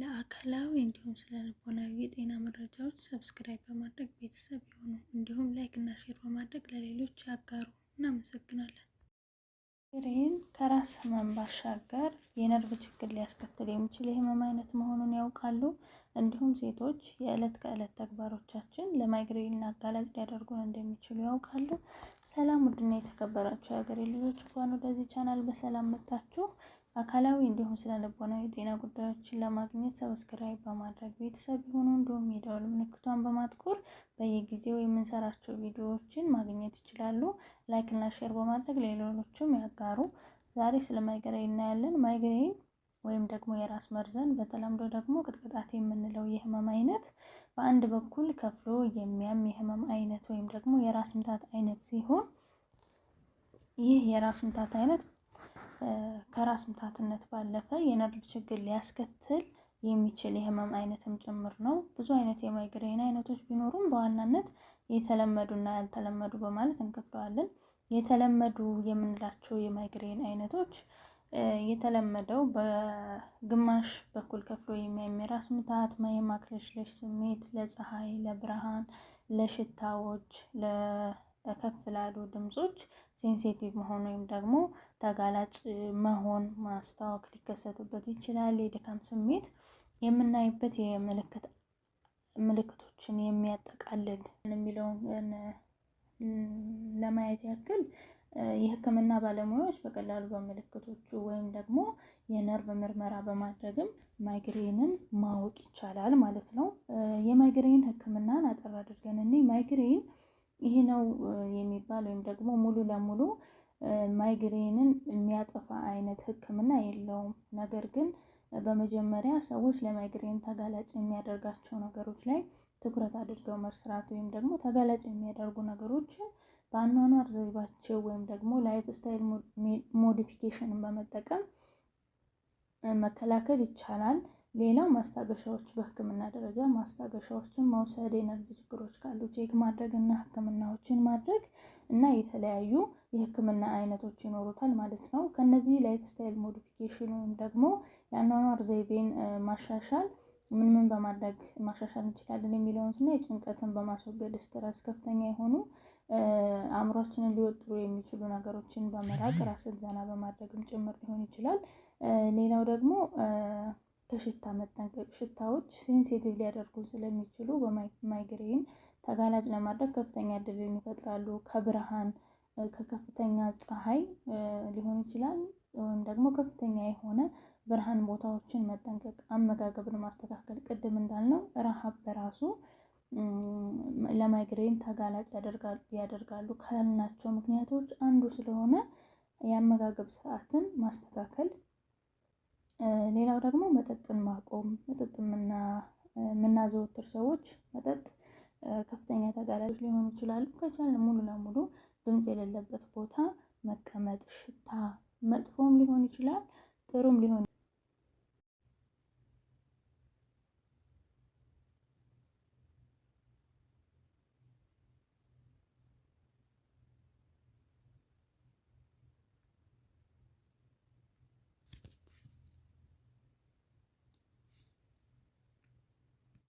ለአካላዊ እንዲሁም ስለ ልቦናዊ የጤና መረጃዎች ሰብስክራይብ በማድረግ ቤተሰብ ይሁኑ። እንዲሁም ላይክ እና ሼር በማድረግ ለሌሎች ያጋሩ። እናመሰግናለን። ግሪን ከራስ ህመም ባሻገር የነርቭ ችግር ሊያስከትል የሚችል የህመም አይነት መሆኑን ያውቃሉ። እንዲሁም ሴቶች የዕለት ከዕለት ተግባሮቻችን ለማይግሬን አጋላጭ ሊያደርጉን እንደሚችሉ ያውቃሉ። ሰላም ውድና የተከበራችሁ የሀገሬ ልጆች እንኳን ወደዚህ ቻናል በሰላም መጣችሁ። አካላዊ እንዲሁም ስነ ልቦናዊ የጤና ጉዳዮችን ለማግኘት ሰብስክራይብ በማድረግ ቤተሰብ የሆኑ እንዲሁም የደወል ምልክቷን በማጥቆር በየጊዜው የምንሰራቸው ቪዲዮዎችን ማግኘት ይችላሉ። ላይክና ሼር በማድረግ ሌሎችም ያጋሩ። ዛሬ ስለ ማይግሬን እናያለን። ማይግሬን ወይም ደግሞ የራስ መርዘን በተለምዶ ደግሞ ቅጥቅጣት የምንለው የህመም አይነት በአንድ በኩል ከፍሎ የሚያም የህመም አይነት ወይም ደግሞ የራስ ምታት አይነት ሲሆን ይህ የራስ ምታት አይነት ከራስ ምታትነት ባለፈ የነርቭ ችግር ሊያስከትል የሚችል የህመም አይነትም ጭምር ነው። ብዙ አይነት የማይግሬን አይነቶች ቢኖሩም በዋናነት የተለመዱና ያልተለመዱ በማለት እንከፍለዋለን። የተለመዱ የምንላቸው የማይግሬን አይነቶች የተለመደው በግማሽ በኩል ከፍሎ የሚያይ ራስ ምታት፣ ስሜት ለፀሐይ፣ ለብርሃን፣ ለሽታዎች፣ ለከፍ ላሉ ድምጾች ሴንሴቲቭ መሆን ወይም ደግሞ ተጋላጭ መሆን ማስታወክ ሊከሰትበት ይችላል። የድካም ስሜት የምናይበት ምልክቶችን የሚያጠቃልል የሚለውን ለማየት ያክል የሕክምና ባለሙያዎች በቀላሉ በምልክቶቹ ወይም ደግሞ የነርቭ ምርመራ በማድረግም ማይግሬንን ማወቅ ይቻላል ማለት ነው። የማይግሬን ሕክምናን አጠር አድርገን እኔ ማይግሬን ይሄ ነው የሚባል ወይም ደግሞ ሙሉ ለሙሉ ማይግሬንን የሚያጠፋ አይነት ሕክምና የለውም። ነገር ግን በመጀመሪያ ሰዎች ለማይግሬን ተጋላጭ የሚያደርጋቸው ነገሮች ላይ ትኩረት አድርገው መስራት ወይም ደግሞ ተጋላጭ የሚያደርጉ ነገሮችን በአኗኗር ዘይቤያቸው ወይም ደግሞ ላይፍ ስታይል ሞዲፊኬሽንን በመጠቀም መከላከል ይቻላል። ሌላው ማስታገሻዎች፣ በህክምና ደረጃ ማስታገሻዎችን መውሰድ፣ የነርቭ ችግሮች ካሉ ቼክ ማድረግና ህክምናዎችን ማድረግ እና የተለያዩ የህክምና አይነቶች ይኖሩታል ማለት ነው። ከነዚህ ላይፍ ስታይል ሞዲፊኬሽን ወይም ደግሞ የአኗኗር ዘይቤን ማሻሻል ምን ምን በማድረግ ማሻሻል እንችላለን የሚለውን ስናይ ጭንቀትን በማስወገድ ስትረስ፣ ከፍተኛ የሆኑ አእምሯችንን ሊወጥሩ የሚችሉ ነገሮችን በመራቅ ራስን ዘና በማድረግም ጭምር ሊሆን ይችላል። ሌላው ደግሞ ከሽታ መጠንቀቅ ሽታዎች ሴንሲቲቭ ሊያደርጉን ስለሚችሉ በማይግሬን ተጋላጭ ለማድረግ ከፍተኛ እድልን ይፈጥራሉ። ከብርሃን ከከፍተኛ ፀሐይ ሊሆን ይችላል ወይም ደግሞ ከፍተኛ የሆነ ብርሃን ቦታዎችን መጠንቀቅ፣ አመጋገብን ማስተካከል። ቅድም እንዳልነው ረሃብ በራሱ ለማይግሬን ተጋላጭ ያደርጋሉ ካልናቸው ምክንያቶች አንዱ ስለሆነ የአመጋገብ ስርዓትን ማስተካከል ሌላው ደግሞ መጠጥን ማቆም። መጠጥ የምናዘወትር ሰዎች መጠጥ ከፍተኛ ተጋላጭ ሊሆኑ ይችላሉ። ከቻልን ሙሉ ለሙሉ ድምፅ የሌለበት ቦታ መቀመጥ፣ ሽታ መጥፎም ሊሆን ይችላል ጥሩም ሊሆን